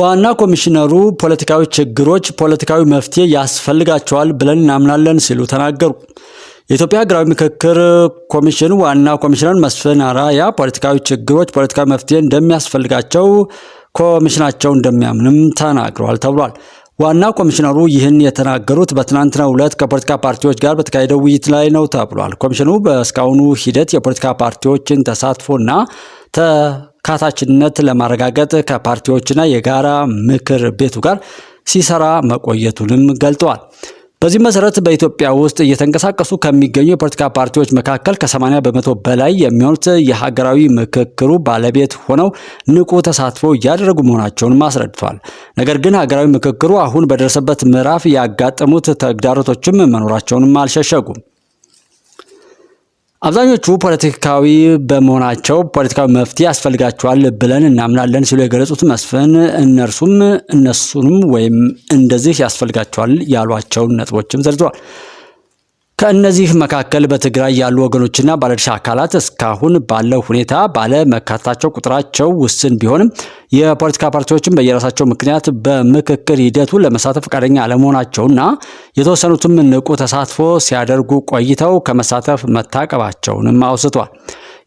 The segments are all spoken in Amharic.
በዋና ኮሚሽነሩ ፖለቲካዊ ችግሮች ፖለቲካዊ መፍትሄ ያስፈልጋቸዋል ብለን እናምናለን ሲሉ ተናገሩ። የኢትዮጵያ ሀገራዊ ምክክር ኮሚሽን ዋና ኮሚሽነር መስፍን አራያ ፖለቲካዊ ችግሮች ፖለቲካዊ መፍትሄ እንደሚያስፈልጋቸው ኮሚሽናቸው እንደሚያምንም ተናግረዋል ተብሏል። ዋና ኮሚሽነሩ ይህን የተናገሩት በትናንትናው ዕለት ከፖለቲካ ፓርቲዎች ጋር በተካሄደው ውይይት ላይ ነው ተብሏል። ኮሚሽኑ በእስካሁኑ ሂደት የፖለቲካ ፓርቲዎችን ተሳትፎና ካታችነት ለማረጋገጥ ከፓርቲዎችና የጋራ ምክር ቤቱ ጋር ሲሰራ መቆየቱንም ገልጠዋል። በዚህ መሰረት በኢትዮጵያ ውስጥ እየተንቀሳቀሱ ከሚገኙ የፖለቲካ ፓርቲዎች መካከል ከ80 በመቶ በላይ የሚሆኑት የሀገራዊ ምክክሩ ባለቤት ሆነው ንቁ ተሳትፎ እያደረጉ መሆናቸውንም አስረድቷል። ነገር ግን ሀገራዊ ምክክሩ አሁን በደረሰበት ምዕራፍ ያጋጠሙት ተግዳሮቶችም መኖራቸውንም አልሸሸጉም። አብዛኞቹ ፖለቲካዊ በመሆናቸው ፖለቲካዊ መፍትሄ ያስፈልጋቸዋል ብለን እናምናለን ሲሉ የገለጹት መስፍን እነርሱም እነሱንም ወይም እንደዚህ ያስፈልጋቸዋል ያሏቸውን ነጥቦችም ዘርዝረዋል። ከእነዚህ መካከል በትግራይ ያሉ ወገኖችና ባለድርሻ አካላት እስካሁን ባለው ሁኔታ ባለመካተታቸው ቁጥራቸው ውስን ቢሆንም የፖለቲካ ፓርቲዎችም በየራሳቸው ምክንያት በምክክር ሂደቱ ለመሳተፍ ፈቃደኛ አለመሆናቸውና የተወሰኑትም ንቁ ተሳትፎ ሲያደርጉ ቆይተው ከመሳተፍ መታቀባቸውንም አውስቷል።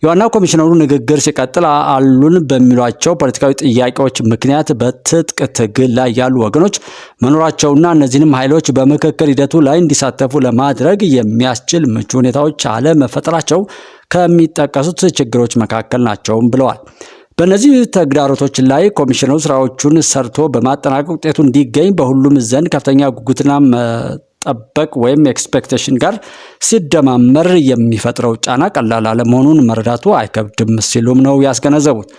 የዋና ኮሚሽነሩ ንግግር ሲቀጥል አሉን በሚሏቸው ፖለቲካዊ ጥያቄዎች ምክንያት በትጥቅ ትግል ላይ ያሉ ወገኖች መኖራቸውና እነዚህንም ኃይሎች በምክክር ሂደቱ ላይ እንዲሳተፉ ለማድረግ የሚያስችል ምቹ ሁኔታዎች አለመፈጠራቸው ከሚጠቀሱት ችግሮች መካከል ናቸውም ብለዋል። በእነዚህ ተግዳሮቶች ላይ ኮሚሽነሩ ስራዎቹን ሰርቶ በማጠናቀቅ ውጤቱ እንዲገኝ በሁሉም ዘንድ ከፍተኛ ጉጉትና ጠበቅ ወይም ኤክስፔክቴሽን ጋር ሲደማመር የሚፈጥረው ጫና ቀላል አለመሆኑን መረዳቱ አይከብድም ሲሉም ነው ያስገነዘቡት።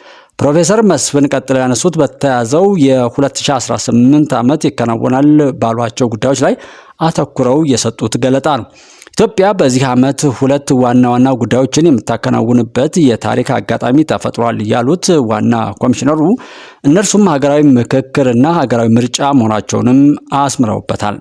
ፕሮፌሰር መስፍን ቀጥለው ያነሱት በተያዘው የ2018 ዓመት ይከናወናል ባሏቸው ጉዳዮች ላይ አተኩረው የሰጡት ገለጣ ነው። ኢትዮጵያ በዚህ ዓመት ሁለት ዋና ዋና ጉዳዮችን የምታከናውንበት የታሪክ አጋጣሚ ተፈጥሯል ያሉት ዋና ኮሚሽነሩ እነርሱም ሀገራዊ ምክክር እና ሀገራዊ ምርጫ መሆናቸውንም አስምረውበታል።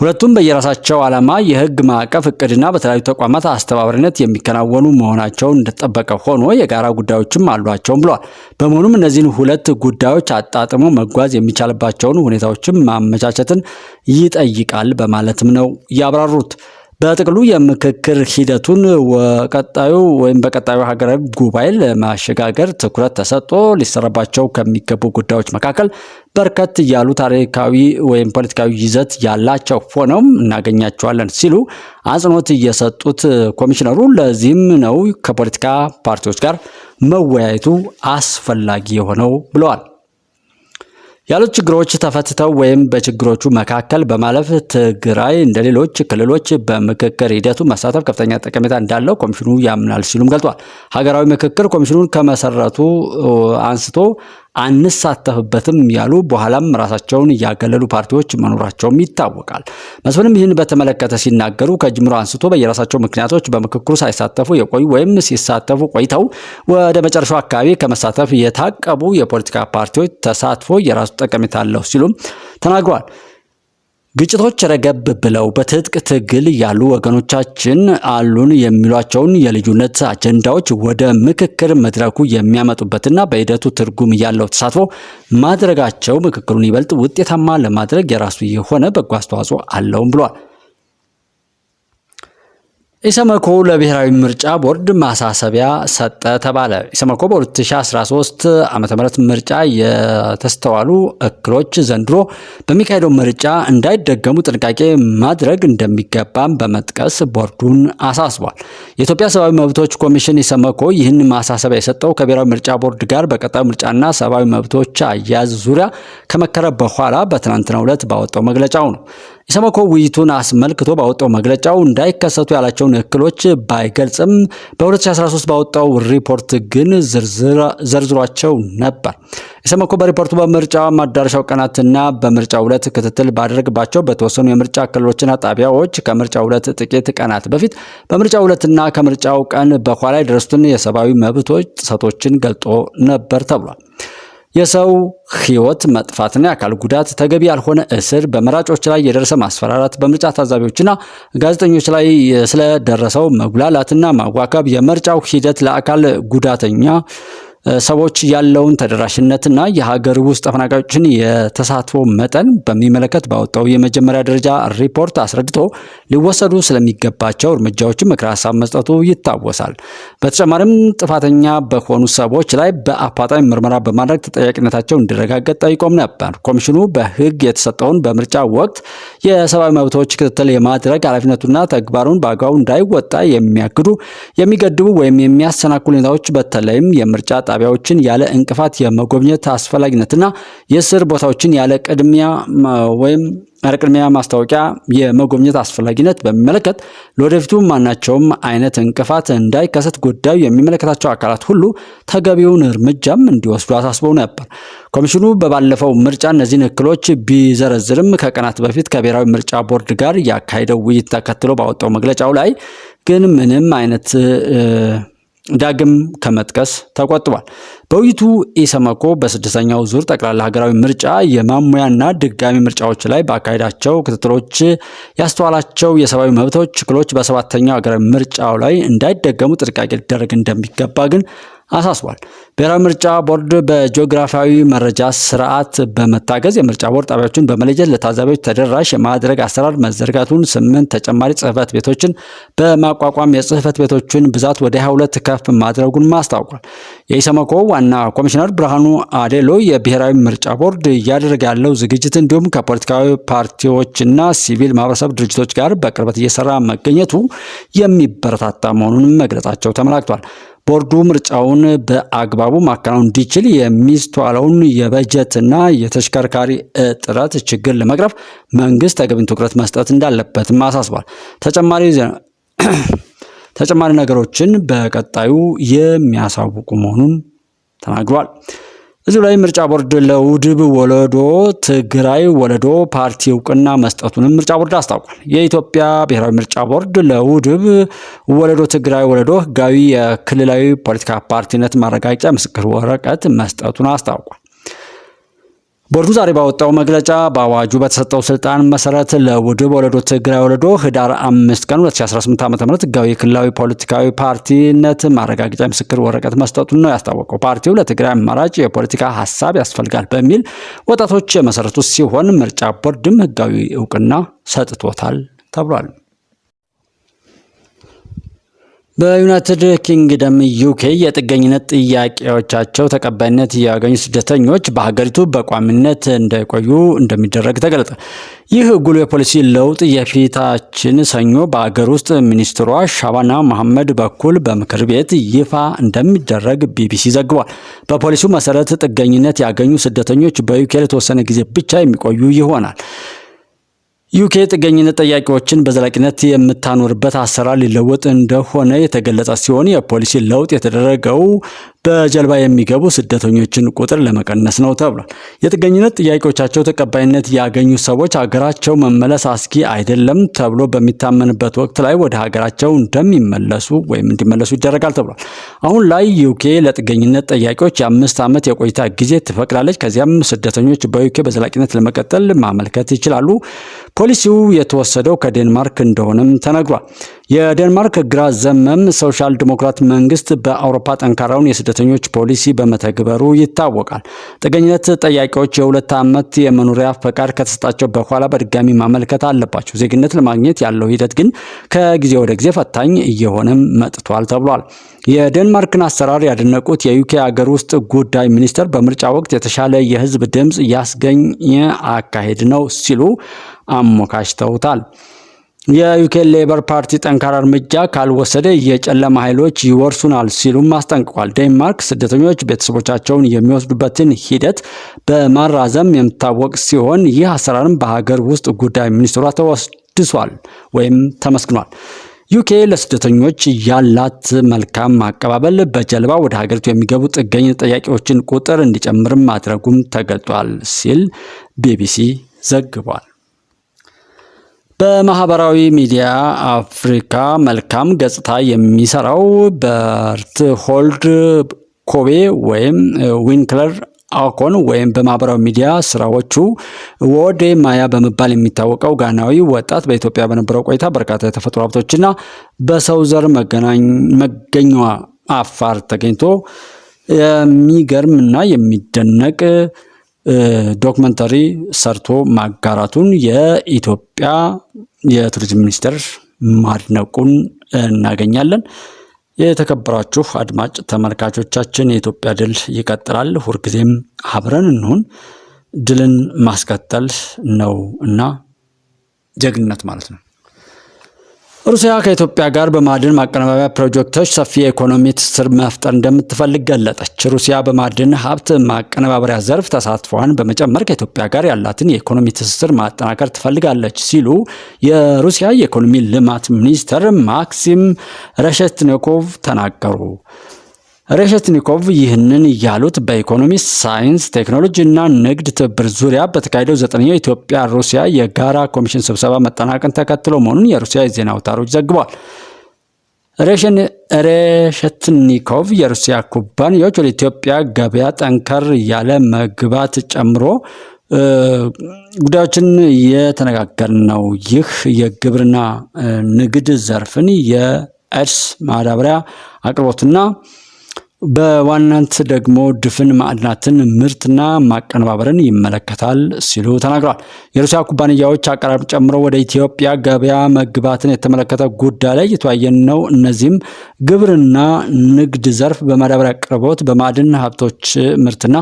ሁለቱም በየራሳቸው ዓላማ የህግ ማዕቀፍ እቅድና በተለያዩ ተቋማት አስተባባሪነት የሚከናወኑ መሆናቸውን እንደተጠበቀ ሆኖ የጋራ ጉዳዮችም አሏቸውም ብሏል። በመሆኑም እነዚህን ሁለት ጉዳዮች አጣጥሞ መጓዝ የሚቻልባቸውን ሁኔታዎችን ማመቻቸትን ይጠይቃል በማለትም ነው ያብራሩት። በጥቅሉ የምክክር ሂደቱን ቀጣዩ ወይም በቀጣዩ ሀገራዊ ጉባኤ ለማሸጋገር ትኩረት ተሰጥቶ ሊሰራባቸው ከሚገቡ ጉዳዮች መካከል በርከት ያሉ ታሪካዊ ወይም ፖለቲካዊ ይዘት ያላቸው ሆነውም እናገኛቸዋለን ሲሉ አጽንኦት እየሰጡት ኮሚሽነሩ ለዚህም ነው ከፖለቲካ ፓርቲዎች ጋር መወያየቱ አስፈላጊ የሆነው ብለዋል። ያሉት ችግሮች ተፈትተው ወይም በችግሮቹ መካከል በማለፍ ትግራይ እንደ ሌሎች ክልሎች በምክክር ሂደቱ መሳተፍ ከፍተኛ ጠቀሜታ እንዳለው ኮሚሽኑ ያምናል ሲሉም ገልጧል። ሀገራዊ ምክክር ኮሚሽኑን ከመሰረቱ አንስቶ አንሳተፍበትም ያሉ በኋላም ራሳቸውን እያገለሉ ፓርቲዎች መኖራቸውም ይታወቃል። መስፍንም ይህን በተመለከተ ሲናገሩ ከጅምሮ አንስቶ በየራሳቸው ምክንያቶች በምክክሩ ሳይሳተፉ የቆዩ ወይም ሲሳተፉ ቆይተው ወደ መጨረሻው አካባቢ ከመሳተፍ የታቀቡ የፖለቲካ ፓርቲዎች ተሳትፎ የራሱ ጠቀሜታ አለው ሲሉም ተናግሯል። ግጭቶች ረገብ ብለው በትጥቅ ትግል ያሉ ወገኖቻችን አሉን የሚሏቸውን የልዩነት አጀንዳዎች ወደ ምክክር መድረኩ የሚያመጡበትና በሂደቱ ትርጉም ያለው ተሳትፎ ማድረጋቸው ምክክሩን ይበልጥ ውጤታማ ለማድረግ የራሱ የሆነ በጎ አስተዋጽኦ አለውም ብሏል። ኢሰመኮ ለብሔራዊ ምርጫ ቦርድ ማሳሰቢያ ሰጠ ተባለ። ኢሰመኮ በ2013 ም ምርጫ የተስተዋሉ እክሎች ዘንድሮ በሚካሄደው ምርጫ እንዳይደገሙ ጥንቃቄ ማድረግ እንደሚገባም በመጥቀስ ቦርዱን አሳስቧል። የኢትዮጵያ ሰብአዊ መብቶች ኮሚሽን ኢሰመኮ ይህን ማሳሰቢያ የሰጠው ከብሔራዊ ምርጫ ቦርድ ጋር በቀጣዩ ምርጫና ሰብአዊ መብቶች አያያዝ ዙሪያ ከመከረ በኋላ በትናንትናው ዕለት ባወጣው መግለጫው ነው። ኢሰመኮ ውይይቱን አስመልክቶ ባወጣው መግለጫው እንዳይከሰቱ ያላቸውን እክሎች ባይገልጽም በ2013 ባወጣው ሪፖርት ግን ዘርዝሯቸው ነበር። ኢሰመኮ በሪፖርቱ በምርጫ ማዳረሻው ቀናትና በምርጫ ዕለት ክትትል ባደረግባቸው በተወሰኑ የምርጫ ክልሎችና ጣቢያዎች ከምርጫ ዕለት ጥቂት ቀናት በፊት በምርጫው ዕለትና ከምርጫው ቀን በኋላ የደረሱትን የሰብአዊ መብቶች ጥሰቶችን ገልጦ ነበር ተብሏል። የሰው ህይወት መጥፋትና የአካል ጉዳት፣ ተገቢ ያልሆነ እስር፣ በመራጮች ላይ የደረሰ ማስፈራራት፣ በምርጫ ታዛቢዎችና ጋዜጠኞች ላይ ስለደረሰው መጉላላትና ማዋከብ፣ የምርጫው ሂደት ለአካል ጉዳተኛ ሰዎች ያለውን ተደራሽነትና የሀገር ውስጥ ተፈናቃዮችን የተሳትፎ መጠን በሚመለከት ባወጣው የመጀመሪያ ደረጃ ሪፖርት አስረድቶ ሊወሰዱ ስለሚገባቸው እርምጃዎችን ምክረ ሀሳብ መስጠቱ ይታወሳል። በተጨማሪም ጥፋተኛ በሆኑ ሰዎች ላይ በአፋጣኝ ምርመራ በማድረግ ተጠያቂነታቸው እንዲረጋገጥ ጠይቆም ነበር። ኮሚሽኑ በሕግ የተሰጠውን በምርጫ ወቅት የሰብአዊ መብቶች ክትትል የማድረግ ኃላፊነቱና ተግባሩን በአግባቡ እንዳይወጣ የሚያግዱ የሚገድቡ ወይም የሚያሰናክሉ ሁኔታዎች በተለይም የምርጫ ጣቢያዎችን ያለ እንቅፋት የመጎብኘት አስፈላጊነትና የእስር ቦታዎችን ያለ ቅድሚያ ወይም ቅድሚያ ማስታወቂያ የመጎብኘት አስፈላጊነት በሚመለከት ለወደፊቱ ማናቸውም አይነት እንቅፋት እንዳይከሰት ጉዳዩ የሚመለከታቸው አካላት ሁሉ ተገቢውን እርምጃም እንዲወስዱ አሳስበው ነበር። ኮሚሽኑ በባለፈው ምርጫ እነዚህን እክሎች ቢዘረዝርም ከቀናት በፊት ከብሔራዊ ምርጫ ቦርድ ጋር ያካሄደው ውይይት ተከትሎ ባወጣው መግለጫው ላይ ግን ምንም አይነት ዳግም ከመጥቀስ ተቆጥቧል። በውይይቱ ኢሰመኮ በስድስተኛው ዙር ጠቅላላ ሀገራዊ ምርጫ የማሙያና ድጋሚ ምርጫዎች ላይ በአካሄዳቸው ክትትሎች ያስተዋላቸው የሰብአዊ መብቶች ችግሮች በሰባተኛው ሀገራዊ ምርጫው ላይ እንዳይደገሙ ጥንቃቄ ሊደረግ እንደሚገባ ግን አሳስቧል። ብሔራዊ ምርጫ ቦርድ በጂኦግራፊያዊ መረጃ ስርዓት በመታገዝ የምርጫ ቦርድ ጣቢያዎችን በመለየት ለታዛቢዎች ተደራሽ የማድረግ አሰራር መዘርጋቱን፣ ስምንት ተጨማሪ ጽህፈት ቤቶችን በማቋቋም የጽህፈት ቤቶችን ብዛት ወደ 22 ከፍ ማድረጉን አስታውቋል። የኢሰመኮ ዋና ኮሚሽነር ብርሃኑ አዴሎ የብሔራዊ ምርጫ ቦርድ እያደረገ ያለው ዝግጅት እንዲሁም ከፖለቲካዊ ፓርቲዎችና ሲቪል ማህበረሰብ ድርጅቶች ጋር በቅርበት እየሰራ መገኘቱ የሚበረታታ መሆኑንም መግለጻቸው ተመላክቷል። ቦርዱ ምርጫውን በአግባቡ ማከናወን እንዲችል የሚስተዋለውን የበጀትና የተሽከርካሪ እጥረት ችግር ለመቅረፍ መንግስት ተገቢን ትኩረት መስጠት እንዳለበትም አሳስቧል። ተጨማሪ ተጨማሪ ነገሮችን በቀጣዩ የሚያሳውቁ መሆኑን ተናግሯል። እዚሁ ላይ ምርጫ ቦርድ ለውድብ ወለዶ ትግራይ ወለዶ ፓርቲ እውቅና መስጠቱንም ምርጫ ቦርድ አስታውቋል። የኢትዮጵያ ብሔራዊ ምርጫ ቦርድ ለውድብ ወለዶ ትግራይ ወለዶ ህጋዊ የክልላዊ ፖለቲካ ፓርቲነት ማረጋገጫ ምስክር ወረቀት መስጠቱን አስታውቋል። ቦርዱ ዛሬ ባወጣው መግለጫ በአዋጁ በተሰጠው ስልጣን መሰረት ለውድብ ወለዶ ትግራይ ወለዶ ህዳር አምስት ቀን 2018 ዓ ም ህጋዊ ክልላዊ ፖለቲካዊ ፓርቲነት ማረጋገጫ ምስክር ወረቀት መስጠቱን ነው ያስታወቀው። ፓርቲው ለትግራይ አማራጭ የፖለቲካ ሀሳብ ያስፈልጋል በሚል ወጣቶች የመሰረቱ ሲሆን ምርጫ ቦርድም ህጋዊ እውቅና ሰጥቶታል ተብሏል። በዩናይትድ ኪንግደም ዩኬ የጥገኝነት ጥያቄዎቻቸው ተቀባይነት ያገኙ ስደተኞች በሀገሪቱ በቋሚነት እንዳይቆዩ እንደሚደረግ ተገለጠ። ይህ ጉልህ የፖሊሲ ለውጥ የፊታችን ሰኞ በሀገር ውስጥ ሚኒስትሯ ሻባና መሐመድ በኩል በምክር ቤት ይፋ እንደሚደረግ ቢቢሲ ዘግቧል። በፖሊሲው መሰረት ጥገኝነት ያገኙ ስደተኞች በዩኬ ለተወሰነ ጊዜ ብቻ የሚቆዩ ይሆናል። ዩኬ ጥገኝነት ጠያቂዎችን በዘላቂነት የምታኖርበት አሰራር ሊለወጥ እንደሆነ የተገለጸ ሲሆን የፖሊሲ ለውጥ የተደረገው በጀልባ የሚገቡ ስደተኞችን ቁጥር ለመቀነስ ነው ተብሏል። የጥገኝነት ጥያቄዎቻቸው ተቀባይነት ያገኙ ሰዎች ሀገራቸው መመለስ አስጊ አይደለም ተብሎ በሚታመንበት ወቅት ላይ ወደ ሀገራቸው እንደሚመለሱ ወይም እንዲመለሱ ይደረጋል ተብሏል። አሁን ላይ ዩኬ ለጥገኝነት ጠያቂዎች የአምስት ዓመት የቆይታ ጊዜ ትፈቅዳለች። ከዚያም ስደተኞች በዩኬ በዘላቂነት ለመቀጠል ማመልከት ይችላሉ። ፖሊሲው የተወሰደው ከዴንማርክ እንደሆነም ተነግሯል። የዴንማርክ ግራ ዘመም ሶሻል ዲሞክራት መንግስት በአውሮፓ ጠንካራውን የስደ ስደተኞች ፖሊሲ በመተግበሩ ይታወቃል። ጥገኝነት ጠያቂዎች የሁለት ዓመት የመኖሪያ ፈቃድ ከተሰጣቸው በኋላ በድጋሚ ማመልከት አለባቸው። ዜግነት ለማግኘት ያለው ሂደት ግን ከጊዜ ወደ ጊዜ ፈታኝ እየሆነም መጥቷል ተብሏል። የዴንማርክን አሰራር ያደነቁት የዩኬ ሀገር ውስጥ ጉዳይ ሚኒስትር በምርጫ ወቅት የተሻለ የህዝብ ድምፅ ያስገኘ አካሄድ ነው ሲሉ አሞካሽተውታል። የዩኬ ሌበር ፓርቲ ጠንካራ እርምጃ ካልወሰደ የጨለማ ኃይሎች ይወርሱናል ሲሉም አስጠንቅቋል። ዴንማርክ ስደተኞች ቤተሰቦቻቸውን የሚወስዱበትን ሂደት በማራዘም የምታወቅ ሲሆን ይህ አሰራርም በሀገር ውስጥ ጉዳይ ሚኒስትሯ ተወስድሷል ወይም ተመስግኗል። ዩኬ ለስደተኞች ያላት መልካም አቀባበል በጀልባ ወደ ሀገሪቱ የሚገቡ ጥገኝ ጠያቂዎችን ቁጥር እንዲጨምርም ማድረጉም ተገልጧል ሲል ቢቢሲ ዘግቧል። በማህበራዊ ሚዲያ አፍሪካ መልካም ገጽታ የሚሰራው በርትሆልድ ኮቤ ወይም ዊንክለር አኮን ወይም በማህበራዊ ሚዲያ ስራዎቹ ወዴ ማያ በመባል የሚታወቀው ጋናዊ ወጣት በኢትዮጵያ በነበረው ቆይታ በርካታ የተፈጥሮ ሀብቶችና በሰው ዘር መገኛዋ አፋር ተገኝቶ የሚገርም እና የሚደነቅ ዶክመንተሪ ሰርቶ ማጋራቱን የኢትዮጵያ የቱሪዝም ሚኒስቴር ማድነቁን እናገኛለን። የተከበራችሁ አድማጭ ተመልካቾቻችን የኢትዮጵያ ድል ይቀጥላል። ሁልጊዜም አብረን እንሁን። ድልን ማስቀጠል ነው እና ጀግንነት ማለት ነው። ሩሲያ ከኢትዮጵያ ጋር በማዕድን ማቀነባበሪያ ፕሮጀክቶች ሰፊ የኢኮኖሚ ትስስር መፍጠር እንደምትፈልግ ገለጠች። ሩሲያ በማዕድን ሀብት ማቀነባበሪያ ዘርፍ ተሳትፏን በመጨመር ከኢትዮጵያ ጋር ያላትን የኢኮኖሚ ትስስር ማጠናከር ትፈልጋለች ሲሉ የሩሲያ የኢኮኖሚ ልማት ሚኒስትር ማክሲም ረሸትኒኮቭ ተናገሩ። ሬሸትኒኮቭ ይህንን ያሉት በኢኮኖሚ ሳይንስ፣ ቴክኖሎጂ እና ንግድ ትብብር ዙሪያ በተካሄደው ዘጠነኛው የኢትዮጵያ ሩሲያ የጋራ ኮሚሽን ስብሰባ መጠናቀን ተከትሎ መሆኑን የሩሲያ የዜና አውታሮች ዘግበዋል። ሬሸትኒኮቭ የሩሲያ ኩባንያዎች ወደ ኢትዮጵያ ገበያ ጠንከር ያለ መግባት ጨምሮ ጉዳዮችን የተነጋገር ነው። ይህ የግብርና ንግድ ዘርፍን፣ የእርስ ማዳበሪያ አቅርቦትና በዋናነት ደግሞ ድፍን ማዕድናትን ምርትና ማቀነባበርን ይመለከታል ሲሉ ተናግረዋል። የሩሲያ ኩባንያዎች አቀራረብ ጨምሮ ወደ ኢትዮጵያ ገበያ መግባትን የተመለከተ ጉዳይ ላይ የተወያየን ነው። እነዚህም ግብርና፣ ንግድ ዘርፍ፣ በማዳበሪያ አቅርቦት፣ በማዕድን ሀብቶች ምርትና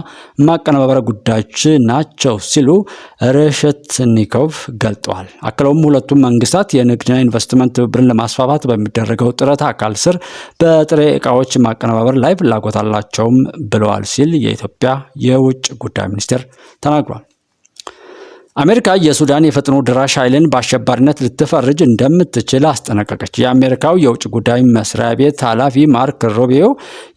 ማቀነባበሪያ ጉዳዮች ናቸው ሲሉ ሬሸትኒኮቭ ገልጠዋል። አክለውም ሁለቱም መንግስታት የንግድና ኢንቨስትመንት ትብብርን ለማስፋፋት በሚደረገው ጥረት አካል ስር በጥሬ እቃዎች ማቀነባበር ላይ ፍላጎት አላቸውም ብለዋል ሲል የኢትዮጵያ የውጭ ጉዳይ ሚኒስቴር ተናግሯል። አሜሪካ የሱዳን የፈጥኖ ድራሽ ኃይልን በአሸባሪነት ልትፈርጅ እንደምትችል አስጠነቀቀች። የአሜሪካው የውጭ ጉዳይ መስሪያ ቤት ኃላፊ ማርክ ሮቤዮ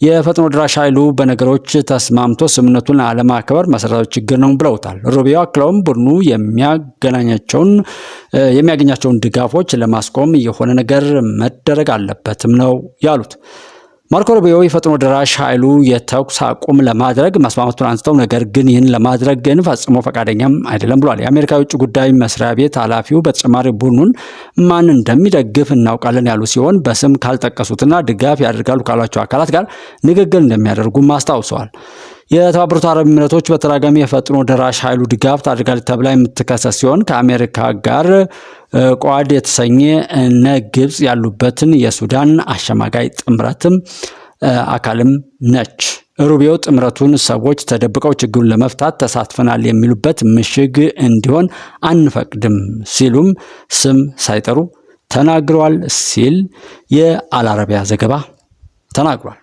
የፈጥኖ ድራሽ ኃይሉ በነገሮች ተስማምቶ ስምምነቱን አለማክበር መሰረታዊ ችግር ነው ብለውታል። ሩቢዮ አክለውም ቡድኑ የሚያገኛቸውን ድጋፎች ለማስቆም የሆነ ነገር መደረግ አለበትም ነው ያሉት። ማርኮ ሩቢዮ የፈጥኖ ደራሽ ኃይሉ የተኩስ አቁም ለማድረግ መስማማቱን አንስተው ነገር ግን ይህን ለማድረግ ግን ፈጽሞ ፈቃደኛም አይደለም ብሏል። የአሜሪካ የውጭ ጉዳይ መስሪያ ቤት ኃላፊው በተጨማሪ ቡድኑን ማን እንደሚደግፍ እናውቃለን ያሉ ሲሆን በስም ካልጠቀሱትና ድጋፍ ያደርጋሉ ካሏቸው አካላት ጋር ንግግር እንደሚያደርጉም አስታውሰዋል። የተባበሩት አረብ ኤሚሬቶች በተደጋጋሚ የፈጥኖ ደራሽ ኃይሉ ድጋፍ ታደርጋለች ተብላ የምትከሰስ ሲሆን ከአሜሪካ ጋር ቋድ የተሰኘ እነ ግብፅ ያሉበትን የሱዳን አሸማጋይ ጥምረትም አካልም ነች። ሩቢዮ ጥምረቱን ሰዎች ተደብቀው ችግሩን ለመፍታት ተሳትፈናል የሚሉበት ምሽግ እንዲሆን አንፈቅድም ሲሉም ስም ሳይጠሩ ተናግረዋል ሲል የአልአረቢያ ዘገባ ተናግሯል።